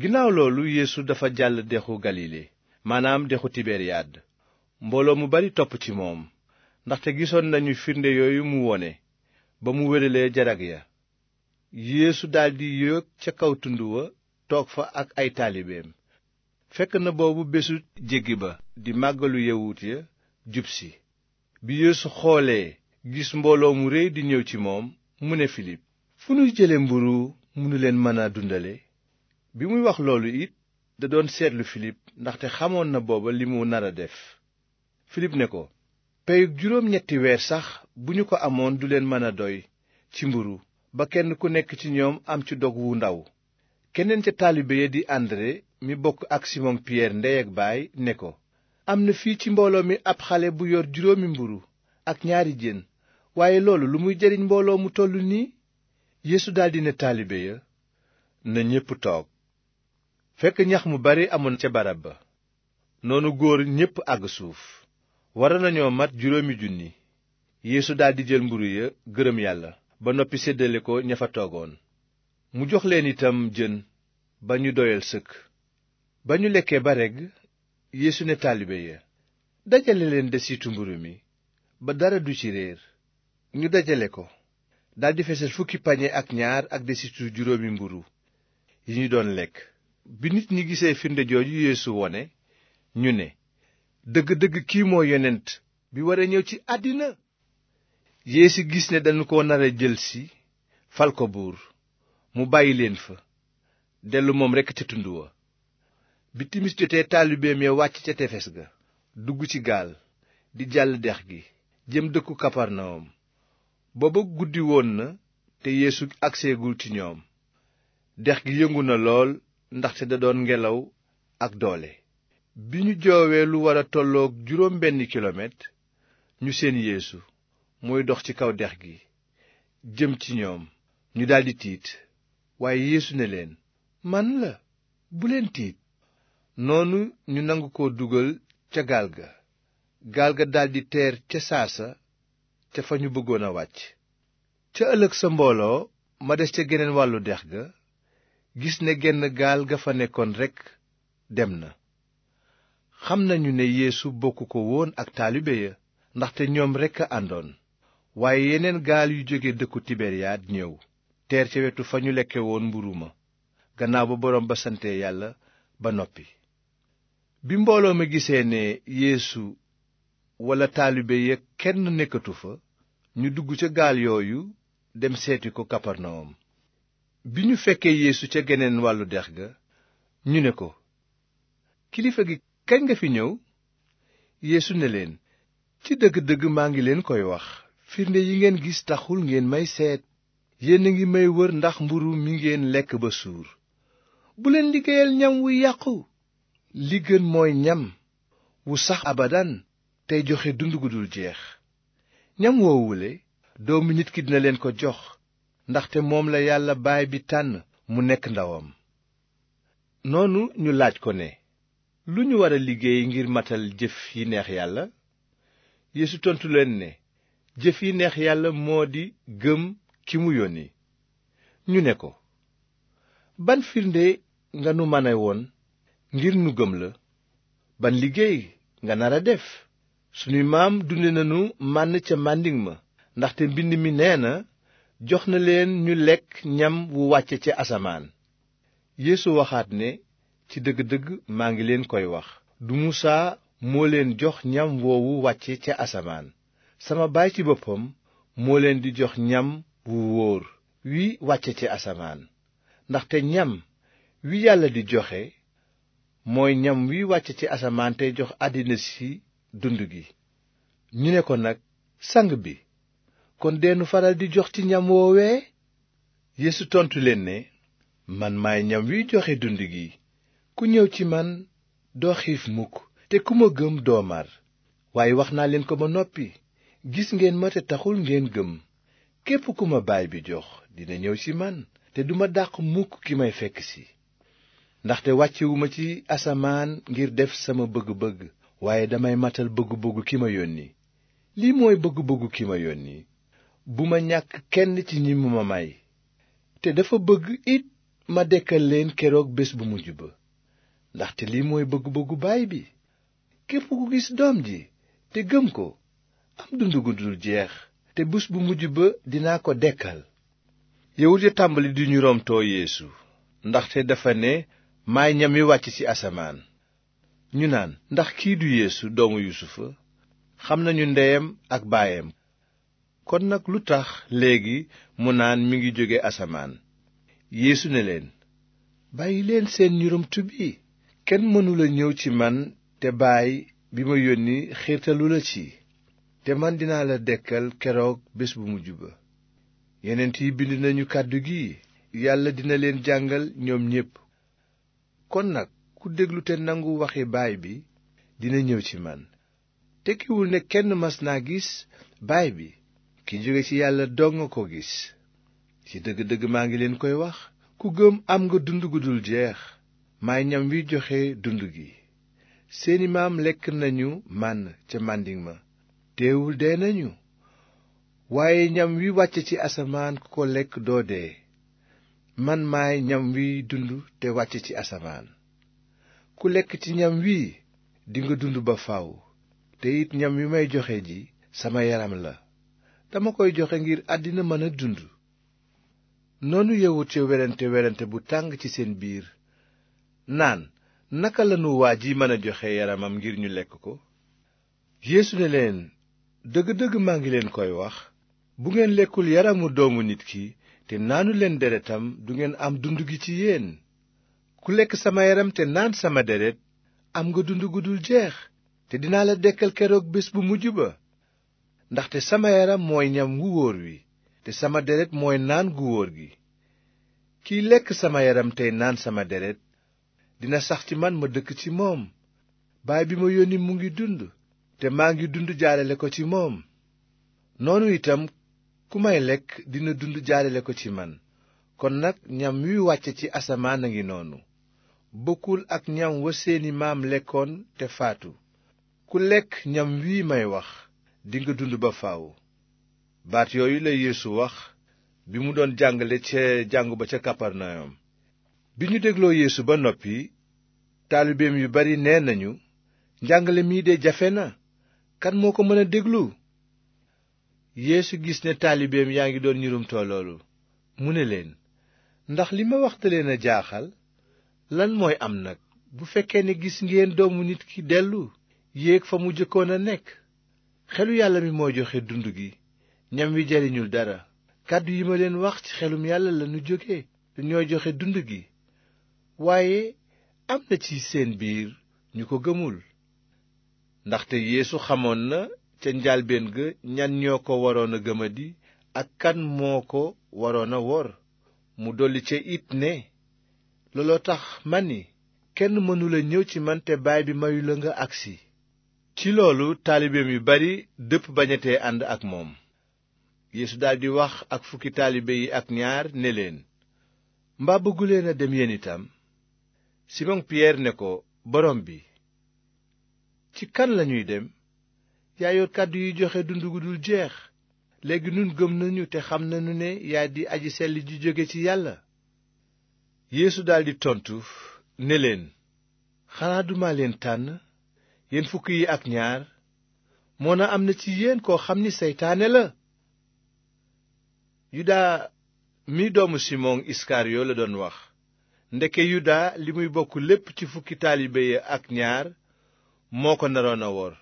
ginnaaw loolu yéesu dafa jàll dexu galile maanaam dexu tibeer tiberiyaad mbooloo mu bari topp ci moom ndaxte gisoon nañu firnde yooyu mu wone ba mu wéralee jarag ya yéesu daldi yéeg ca kaw tund wa toog fa ak ay taalibeem fekk na boobu bésu jéggi ba di màggalu yawut ya jub si bi yeesu xoolee gis mbooloo mu réy di ñëw ci moom mu ne filip fu nuy jële mburu munu leen mën a dundale bi muy wax loolu it da doon seetlu Filip ndaxte xamoon na booba li mu nar a def Filip ne ko peyug juróom ñetti weer sax bu ñu ko amoon du leen mën a doy ci mburu ba kenn ku nekk ci ñoom am ci dog wu ndaw keneen ca taalibe ya di André mi bokk ak Simon Pierre ndey ak baay ne ko am na fii ci mbooloo mi ab xale bu yor juróomi mburu ak ñaari jën waaye loolu lu muy jariñ mbooloo mu toll nii yéesu daldi ne taalibe ya na ñépp toog fekk ñax mu bari amoon ca barab ba noonu góor ñépp àgg suuf wara nañoo mat juróomi junni yéesu daldi jël mburu ya gërëm yàlla ba noppi séddale ko ña fa toogoon mu jox leen itam jën ba ñu doyal sëkk ba ñu lekkee ba regg yéesu ne taalibe ya dajale leen desitu mburu mi ba dara du ci réer ñu dajale ko daldi fesal fukki pañe ak ñaar ak desitu juróomi mburu yi ñu doon lekk bi nit ñi gisee firnde jooju Yeesu wone ñu ne dëgg-dëgg kii moo yonent bi wara ñëw ci àddina Yeesu gis ne dañu ko nara jëlsi fal ko buur mu bàyyi leen fa dellu moom rekk ca tund wa bi timis jotee taalibeem ya wàcc ca tefes ga dugg ci gaal di jàll dex gi jëm dëkku kaparnawum booba guddi woon na te yeesu agseegul ci ñoom dex gi yëngu na lool ndax ndaxte da doon ngelaw ak doole bi ñu joowee lu war a tolloog juróom benn kilomètre ñu seen yéesu muy dox ci kaw dex gi jëm ci ñoom ñu daldi tiit waaye yeesu ne leen man la bu leen tiit noonu ñu nangu ko dugal ca gaal ga gaal ga daldi teer ca saasa ca fa ñu bëggoon a wàcc ca ëllëg sa mbooloo ma des ca geneen wàllu dex ga gis ne genn gaal ga fa nekkoon rekk dem na xam nañu ne yéesu bokk ko woon ak taalibe ya ndaxte ñoom rekk a àndoon waaye yeneen gaal yu jóge dëkku tiberiyaad ñëw teer ca wetu fa ñu lekke woon mburu ma gannaaw ba boroom ba sante yàlla ba noppi bi mbooloo ma gisee ne yéesu walla taalibe ya kenn nekkatu fa ñu dugg ca gaal yooyu dem seeti ko kaparnawum bi ñu fekkee yéesu ca geneen wàllu dex ga ñu ne ko kilifa gi kañ nga fi ñëw yéesu ne leen ci dëgg-dëgg maa ngi leen koy wax firnde yi ngeen gis taxul ngeen may seet yéen ngi may wër ndax mburu mi ngeen lekk ba suur bu leen liggéeyal ñam wu yàqu li gën mooy ñam wu sax abadan tey joxe dund gu jeex ñam woowule doomu nit ki dina leen ko jox ndaxte moom la yàlla baay bi tànn mu nekk ndawam noonu ñu laaj ko ne lu ñu war a liggéey ngir matal jëf yi neex yàlla Yeesu tontu leen ne jëf yi neex yàlla moo di gëm ki mu yónni ñu ne ko ban firnde nga nu mane woon ngir nu gëm la ban liggéey nga nar a def sunuy maam dunde nanu mànn ca màndiŋ ma ndaxte mbind mi nee na jox na leen ñu lekk ñam wu wàcce ca asamaan yéesu waxaat ne ci dëgg-dëgg maa ngi leen koy wax du musaa moo leen jox ñam woowu wàcce ca asamaan sama baay ci boppam moo leen di jox ñam wu wóor wi wàcce ca asamaan ndaxte ñam wi yàlla di joxe mooy ñam wi wàcce ci asamaan tey jox àddina si dund gi ñu ne ko nag sang bi kon deenu faral di jox ci ñam woowee yéesu tontu leen ne man maay ñam wi joxe dund gi ku ñëw ci man doo xiif mukk te ku ma gëm doo mar waaye wax naa leen ko ba noppi gis ngeen ma te taxul ngeen gëm képp ku ma baay bi jox dina ñëw ci man te duma dàq mukk ki may fekk si ndaxte wàccewuma ci asamaan ngir def sama bëgg-bëgg waaye damay matal bëgg-bëggu ki ma yónni lii mooy bëgg-bëggu ki ma yónni bu ma ñàkk kenn ci ñi mu ma may te dafa bëgg it ma dekkal leen keroog bés bu mujj ba ndaxte lii mooy bëgg-bëggu baay bi képp ku gis doom ji te gëm ko am dund gu dul jeex te bés bu mujj ba dinaa ko dekkal yawut ya tàmbali di ñu romtoo yeesu ndaxte dafa ne maay ñam wàcc ci asamaan ñu naan ndax kii du yeesu doomu yusufa xam nañu ndeyam ak baayam kon nag lu tax léegi mu naan mi ngi jóge asamaan yéesu ne leen bàyyi leen seen ñurumtu bi kenn mënula ñëw ci man te baay bi ma yónni xiirtalu la ci te man dinaa la dekkal keroog bés bu mujj ba yenent yi bind nañu kàddu gi yàlla dina leen jàngal ñoom ñépp kon nag ku déglu te nangu waxi baay bi dina ñëw ci man tekkiwul ne kenn mas naa gis baay bi ki jóge ci yàlla dong nga ko gis ci dëgg-dëgg maa ngi leen koy wax ku gëm am nga dund gu dul jeex maay ñam wi joxe dund gi seeni maam lekk nañu mànn ca màndiŋ ma teewul dee nañu waaye ñam wi wàcc ci asamaan ku ko lekk doo dee man may ñam wi dund te wàcc ci asamaan ku lekk ci ñam wii dinga dund ba faw te it ñam wi may joxe ji sama yaram la dama koy joxe ngir àddina mën a dund noonu yawut ya werante werante bu tàng ci seen biir naan naka lanu waa ji mën a joxe yaramam ngir ñu lekk ko yeesu ne leen dëgg-dëgg maa ngi leen koy wax bu ngeen lekkul yaramu doomu nit ki te naanu leen deretam du ngeen am dund gi ci yéen ku lekk sama yaram te naan sama deret am nga dund gu jeex te dinaa la dekkal keroog bés bu mujj ba ndaxte sama yaram mooy ñam wu wóor wi te sama deret mooy naan gu wóor gi kiy lekk sama yaram tey naan sama deret dina sax ci man ma dëkk ci moom baay bi ma yónni mu ngi dund te maa ngi dund jaarale ko ci moom noonu itam ku may lekk dina dund jaarale ko ci man kon nag ñam wi wàcce ci asamaan a ngi noonu bokkul ak ñam wa seeni maam lekkoon te faatu ku lekk ñam wii may wax dinga dund ba faaw baat yooyu la yéesu wax bi mu doon jàngale ca jàngu ba ca Kaparnayom bi ñu dégloo yéesu ba noppi taalibeem yu bari nee nañu njàngale mii de jafe na kan moo ko mën a déglu yéesu gis ne taalibeem yaa ngi doon ñurumtoo loolu mu ne leen ndax li ma wax te a jaaxal lan mooy am nag bu fekkee ne gis ngeen doomu nit ki dellu yéeg fa mu jëkkoon a nekk xelu yàlla mi moo joxe dund gi ñam wi jariñul dara kàddu yi ma leen wax ci xelum yàlla lanu jóge te ñooy joxe dund gi waaye am na ci seen biir ñu ko gëmul ndaxte yéesu xamoon na ca njaalbeen ga ñan ñoo ko waroon a gëmadi ak kan moo ko waroon a wor mu dolli ca it ne looloo tax ma ni kenn mënula ñëw ci man te baay bi mayu nga agsi ci loolu taalibeem yu bari dëpp bañatee ànd ak moom yeesu daldi wax ak fukki taalibe yi ak ñaar ne leen mbaa bëgguleen dem yéen itam simon piyeer ne ko borom bi ci kan lañuy dem yaa kàddu yi joxe dund gu dul jeex léegi nun gëm nañu te xam nañu ne yaa di aji sell di jóge ci yàlla yéesu daldi tontu ne leen xanaa duma leen tànn yéen fukk yi ak ñaar moo na am na ci yéen koo xam ni seytaane la yudaa mi doomu simon iskariyo la doon wax ndeke yudaa li muy bokk lépp ci fukki taalibe yi ak ñaar moo ko naroon a wor